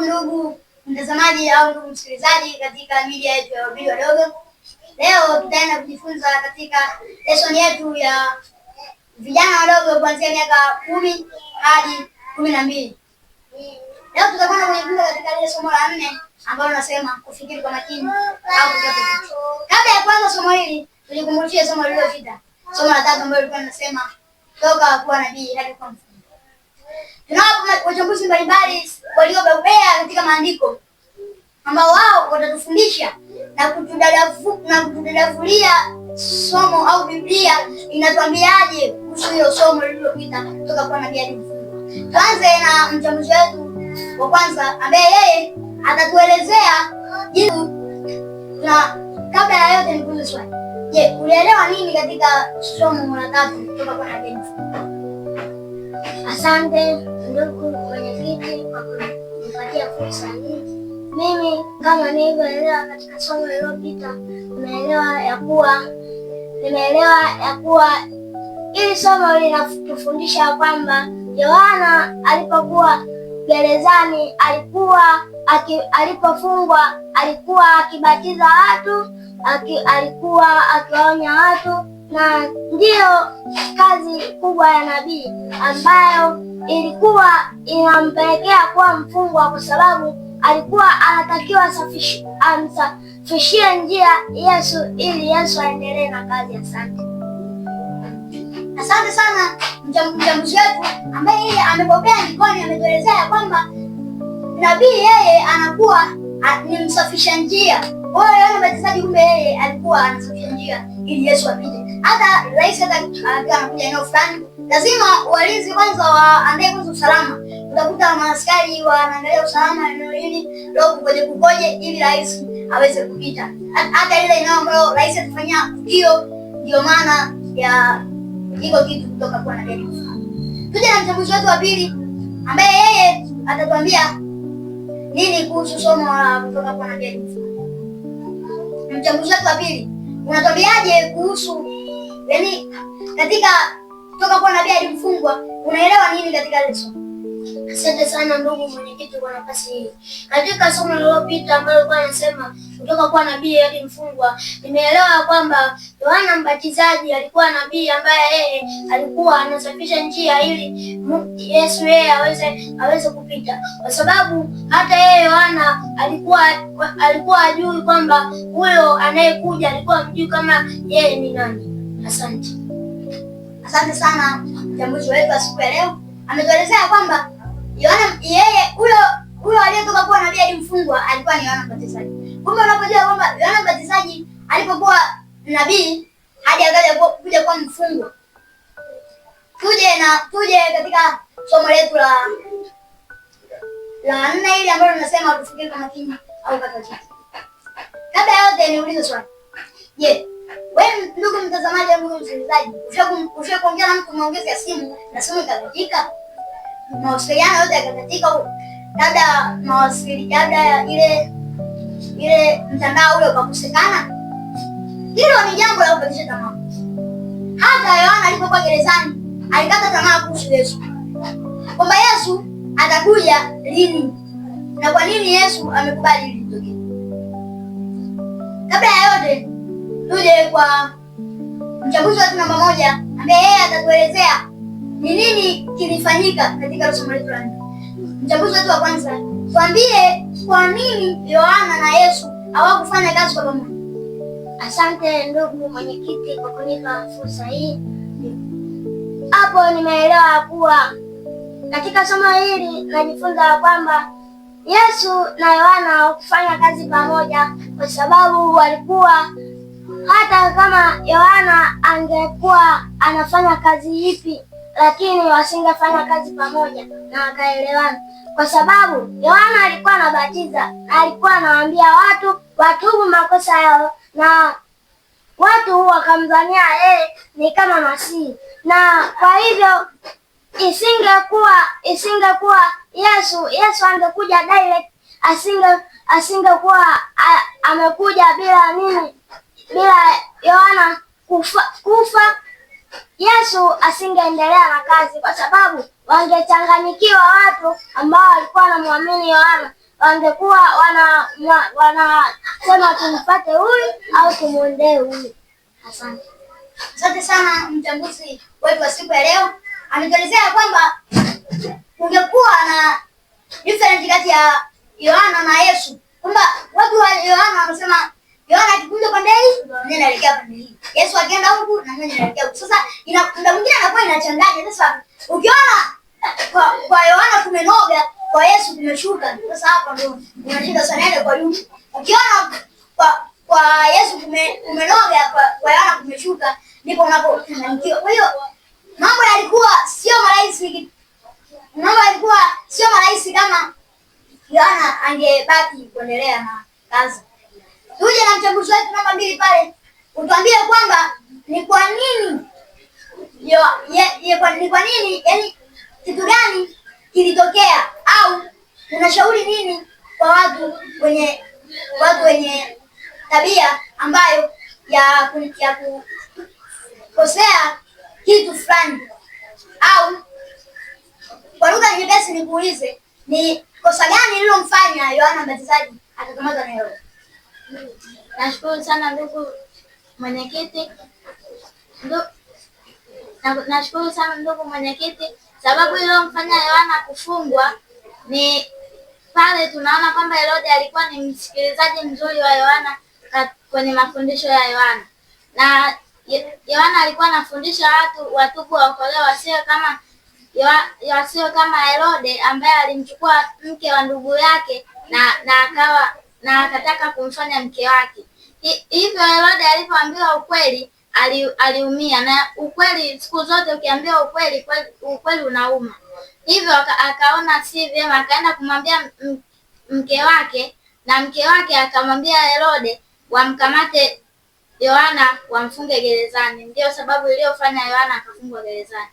Ndugu mtazamaji au ndugu msikilizaji, katika media yetu ya Wahubiri Wadogo, leo tutaenda kujifunza katika lesson yetu ya vijana wadogo kuanzia miaka kumi hadi kumi na mbili. Leo tutakwenda kujifunza katika ile somo la nne ambalo nasema kufikiri kwa makini au kutafakari. Kabla ya kwanza somo hili, tulikumbushie somo lililopita, somo la tatu ambalo lilikuwa linasema toka kuwa nabii hadi kuwa tunao wachambuzi mbalimbali waliobobea katika maandiko ambao wao watatufundisha na kutudadavulia somo au Biblia inatuambiaje kuhusu hilo somo lililopita kutoka kwa nabii hadi Tuanze na mchambuzi wetu wa kwanza ambaye yeye atatuelezea jinsi na kabla ya yote nikuulize swali. Je, ulielewa nini katika somo la tatu kutoka kwa nabii hadi Asante ndugu mwenyekiti kwa kunipatia fursa hii. Mimi kama nilivyoelewa katika somo lililopita, nimeelewa ya kuwa nimeelewa ya kuwa ili somo linatufundisha kwamba Yohana alipokuwa gerezani alikuwa aki, alipofungwa alikuwa akibatiza watu aki, alikuwa akiwaonya watu na ndiyo kazi kubwa ya nabii ambayo ilikuwa inampelekea kuwa mfungwa, kwa sababu alikuwa anatakiwa amsafishie njia Yesu ili Yesu aendelee na kazi. Asante, asante sana mchambuzi wetu ambaye yeye amepokea nikoni, ametuelezea ya kwamba nabii yeye anakuwa ni msafisha njia. Wao wale watezaji, kumbe yeye alikuwa anasafisha njia ili Yesu apite hata rais hata akiwa eneo fulani, lazima walinzi kwanza waandae kwanza usalama. Utakuta maaskari wanaangalia usalama eneo hili leo kukoje kukoje, ili rais aweze kupita, hata ile eneo ambalo rais atafanya tukio. Ndio maana ya hiko kitu kutoka kwa ndege. Tuje na mchambuzi wetu wa pili ambaye yeye atatuambia nini kuhusu somo la kutoka kwa ndege. Mchambuzi wetu wa pili unatuambiaje kuhusu Yaani katika kutoka kwa nabii alimfungwa, unaelewa nini katika leso? Asante sana ndugu mwenyekiti kwa nafasi hii. Katika somo lililopita ambalo kwa anasema kutoka kwa nabii hadi mfungwa, nimeelewa kwamba Yohana Mbatizaji alikuwa nabii ambaye yeye alikuwa anasafisha njia ili Yesu yeye aweze aweze kupita, kwa sababu hata yeye Yohana alikuwa alikuwa ajui kwamba huyo anayekuja alikuwa mjui kama yeye ni nani. Asante, asante sana mchambuzi wetu siku ya leo ametuelezea kwamba Yohana yeye huyo huyo aliyetoka kuwa nabii alimfungwa alikuwa ni Yohana Mbatizaji. Kumbe unapojua kwamba Yohana Mbatizaji alipokuwa nabii hadi akaja kuja kuwa mfungwa. Tuje na tuje katika somo letu la la nne ili ambalo tunasema tufikiri kama kinyi au kata. Kabla ya yote niulize swali. Je, kuongeza usingizaji. Ushakuongea na mtu maongezi ya simu na simu ikakatika, mawasiliano yote yakakatika, labda mawasiliano, labda ile ile mtandao ule ukakosekana. Hilo ni jambo la kukatisha tamaa. Hata Yohana alipokuwa gerezani alikata tamaa kuhusu Yesu, kwamba Yesu atakuja lini na kwa nini Yesu amekubali litokee. Kabla ya yote tuje kwa mchambuzi wa namba moja ambaye yeye atatuelezea ni nini kilifanyika katika somo letu la nne. Mchambuzi wetu wa kwanza, tuambie kwa nini Yohana na Yesu hawakufanya kazi kwa pamoja? Asante ndugu mwenyekiti kwa kunipa fursa hii. Hapo nimeelewa kuwa katika somo hili najifunza kwamba Yesu na Yohana hawakufanya kazi pamoja kwa sababu walikuwa hata kama Yohana angekuwa anafanya kazi ipi, lakini wasingefanya kazi pamoja na wakaelewana, kwa sababu Yohana alikuwa anabatiza na alikuwa anawaambia watu watubu makosa yao, na watu wakamdhania yeye ni kama Masihi, na kwa hivyo isingekuwa isingekuwa Yesu Yesu angekuja direct, asinge asingekuwa amekuja bila nini bila Yohana kufa, kufa Yesu asingeendelea na kazi, kwa sababu wangechanganyikiwa watu ambao walikuwa wanamwamini Yohana, wangekuwa wanasema wana, wana, tumpate huyu au tumwendee huyu. Asante, asante sana mchambuzi wetu wa siku ya leo ametuelezea kwamba ungekuwa na difference kati ya Yohana na Yesu, kwamba watu wa Yohana wanasema Yohana akikuja pande hii, mimi naelekea pande hii. Yesu akienda huku na mimi naelekea huku. Sasa ina muda mwingine anakuwa inachanganya. Sasa ukiona kwa kwa Yohana kumenoga, kwa Yesu kumeshuka. Sasa hapo ndio unashinda sana ile yaani, kwa juu. Ukiona kwa kwa Yesu kume, kumenoga kwa, kwa Yohana kumeshuka ndipo unapofanikiwa. Kwa hiyo mambo yalikuwa sio marahisi. Mambo yalikuwa sio marahisi kama Yohana angebaki kuendelea na kazi tuje na mchambuzi wetu namba mbili pale, utuambie kwamba ni kwa nini yo, ye, ye, kwa, ni kwa nini yani, kitu gani kilitokea, au unashauri nini kwa watu wenye watu wenye tabia ambayo ya, ya kukosea kitu fulani au kwa lugha nyepesi nikuulize, ni kosa gani lilomfanya Yohana Mbatizaji akakamatwa na Herode? Nashukuru sana ndugu mwenyekiti, nashukuru sana ndugu mwenyekiti. Sababu iliyomfanya Yohana kufungwa ni pale tunaona kwamba Herode alikuwa ni msikilizaji mzuri wa Yohana kwenye mafundisho ya Yohana, na Yohana alikuwa anafundisha watu watubu, waokolewe, wasio kama wasio kama Herode ambaye alimchukua mke wa ndugu yake na, na akawa na akataka kumfanya mke wake. Hivyo Herode alipoambiwa ukweli aliumia, na ukweli, siku zote ukiambiwa ukweli, ukweli unauma. Hivyo akaona si vyema, akaenda kumwambia mke wake, na mke wake akamwambia Herode wamkamate Yohana wamfunge gerezani. Ndiyo sababu iliyofanya Yohana akafungwa gerezani.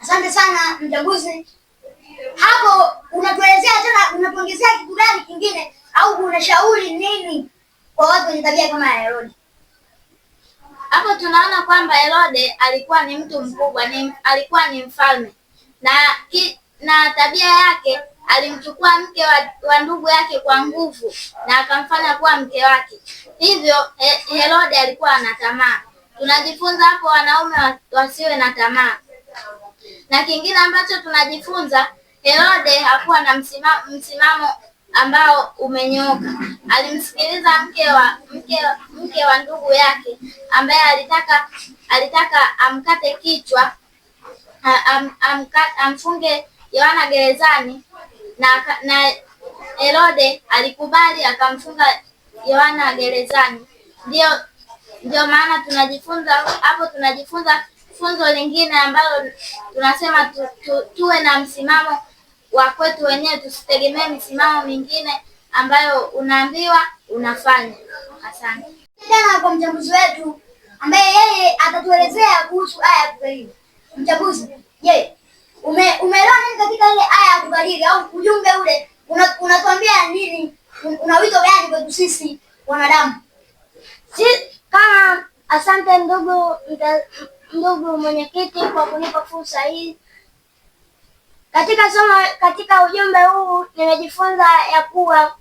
Asante sana mchambuzi hapo unatuelezea tena, unapongezea kitu gani kingine au unashauri nini kwa watu wenye tabia kama ya Herode? Hapo tunaona kwamba Herode alikuwa ni mtu mkubwa, ni, alikuwa ni mfalme na, ki, na tabia yake alimchukua mke wa, wa ndugu yake kwa nguvu na akamfanya kuwa mke wake. Hivyo he, Herode alikuwa ana tamaa. Tunajifunza hapo wanaume wasiwe na tamaa, na kingine ambacho tunajifunza Herode hakuwa na msimamo ambao umenyoka Alimsikiliza mke wa, mke, mke wa ndugu yake ambaye alitaka alitaka amkate kichwa am, am, amfunge Yohana gerezani na, na Herode alikubali akamfunga Yohana gerezani. Ndio, ndio maana tunajifunza hapo, tunajifunza funzo lingine ambalo tunasema tu, tu, tuwe na msimamo wa kwetu wenyewe, tusitegemee misimamo mingine ambayo unaambiwa unafanya. Asante tena kwa mchambuzi wetu ambaye yeye atatuelezea kuhusu aya ya kukariri. Mchambuzi, je, umeelewa nini katika ile aya ya kukariri au ujumbe ule unatuambia una nini? Una wito gani kwetu sisi wanadamu? Si kama asante ndugu Ndugu mwenyekiti kwa kunipa fursa hii. Katika somo, katika ujumbe huu nimejifunza ya kuwa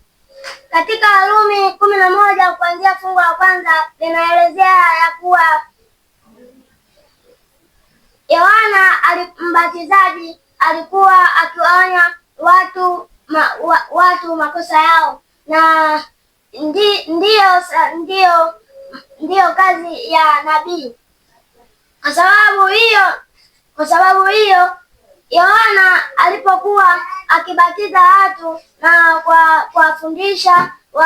katika Warumi kumi na moja kuanzia fungu la kwanza linaelezea ya kuwa Yohana mbatizaji alikuwa akiwaonya watu ma, wa, watu makosa yao na ndi, ndiyo, ndiyo, ndiyo kazi ya nabii. Kwa sababu hiyo, kwa sababu hiyo Yohana alipokuwa akibatiza watu na kuwafundisha wa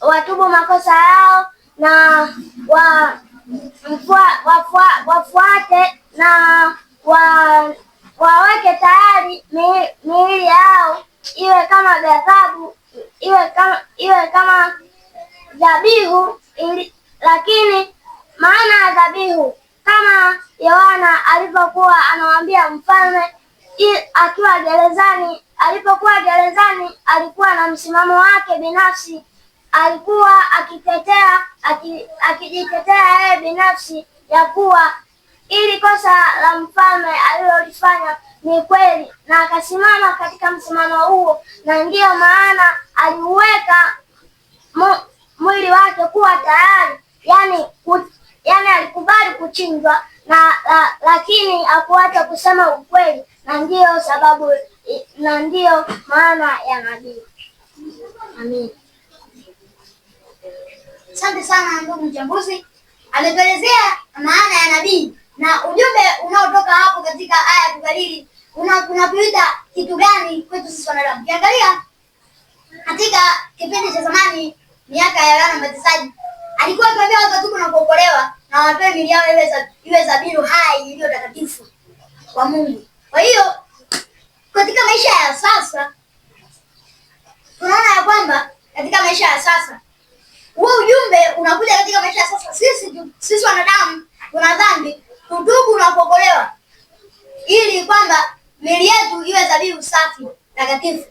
watubu makosa yao na wa, mfua, wafua, wafuate na wa, waweke tayari miili yao iwe kama ghadhabu iwe kama iwe kama dhabihu, lakini maana ya dhabihu kama Yohana alipokuwa anawambia mfalme akiwa gerezani. Alipokuwa gerezani, alikuwa na msimamo wake binafsi, alikuwa akitetea akijitetea yeye binafsi ya kuwa ili kosa la mfalme alilolifanya ni kweli, na akasimama katika msimamo huo, na ndiyo maana aliuweka mwili wake kuwa tayari, yani yani alikubali kuchinjwa na la, lakini hakuacha kusema ukweli, na ndiyo sababu na ndiyo maana ya nabii. Amin. Asante sana ndugu mchambuzi, ametuelezea maana ya nabii na ujumbe unaotoka hapo katika aya ya kukariri unatuita kitu gani kwetu sisi wanadamu? Ukiangalia katika kipindi cha zamani, miaka ya wana matesaji alikuwa watu wakatubu na kuokolewa na wapewe mili yao iwe zabihu hai iliyo takatifu kwa Mungu. Kwa hiyo katika maisha ya sasa tunaona ya kwamba katika maisha ya sasa huo ujumbe unakuja katika maisha ya sasa. Sisi sisi wanadamu tuna dhambi, tutubu na kuokolewa ili kwamba mili yetu iwe dhabihu safi takatifu,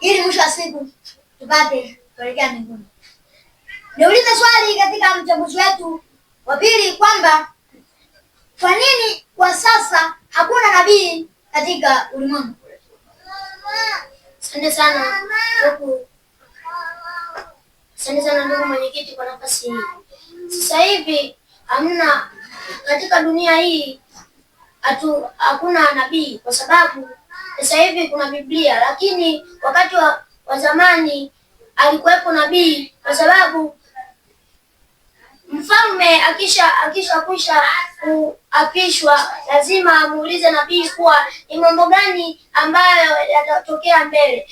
ili mwisho wa siku tupate kuelekea mbinguni. Niulize swali katika mchambuzi wetu wa pili kwamba kwa nini kwa sasa hakuna nabii katika ulimwengu? Asante sana ndugu, asante sana ndugu mwenyekiti kwa nafasi hii. Sasa hivi hamna katika dunia hii hatu, hakuna nabii kwa sababu sasa hivi kuna Biblia, lakini wakati wa, wa zamani alikuwepo nabii kwa sababu Mfalme akisha akishakwisha kuapishwa lazima amuulize nabii kuwa ni mambo gani ambayo yatatokea mbele.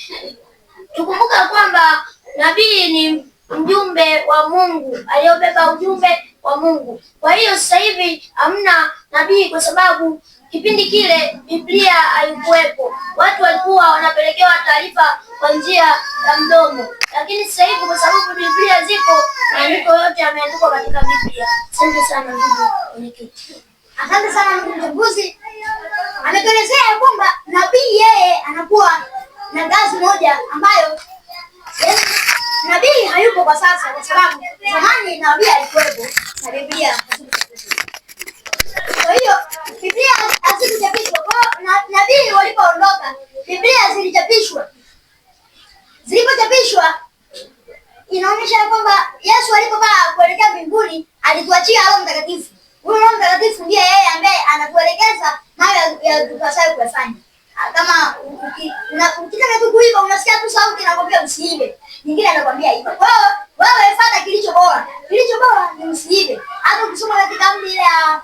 Tukumbuka kwamba nabii ni mjumbe wa Mungu aliyobeba ujumbe wa Mungu. Kwa hiyo sasa hivi hamna nabii, kwa sababu kipindi kile Biblia haikuwepo, watu walikuwa wanapelekewa taarifa kwa njia ya mdomo, lakini sasa hivi kwa sababu Biblia zipo Maandiko yote yameandikwa katika Biblia. Asante sana ndugu mwenyekiti. Asante sana ndugu mchambuzi. Ametuelezea ya kwamba nabii yeye anakuwa na ngazi moja ambayo eh, nabii hayupo kwa sasa, kwa sababu zamani nabii alikuwepo na Biblia kwa hiyo Biblia hazikuchapishwa. Kwa hiyo nabii walipoondoka Biblia inaonyesha kwamba Yesu alipokaa kuelekea mbinguni alituachia Roho Mtakatifu. Huyo Roho Mtakatifu ndiye yeye ambaye anatuelekeza nayo yatupasayo kuyafanya. Ah, kama ukitaka tu kuiba, unasikia tu sauti inakwambia usiibe, nyingine anakwambia iba. Kwa hiyo wewe fuata kilicho bora, kilicho bora ni usiibe. Hata ukisoma katika amri ile ya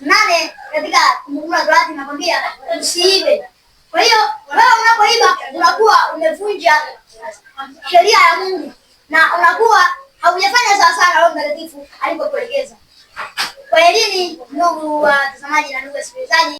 nane katika Mungu wa Torati inakwambia usiibe. Kwa hiyo wewe unapoiba unakuwa umevunja sheria ya Mungu na unakuwa haujafanya sawa sana Roho Mtakatifu alipokuelekeza. Kwa elini ndugu watazamaji na ndugu wasikilizaji.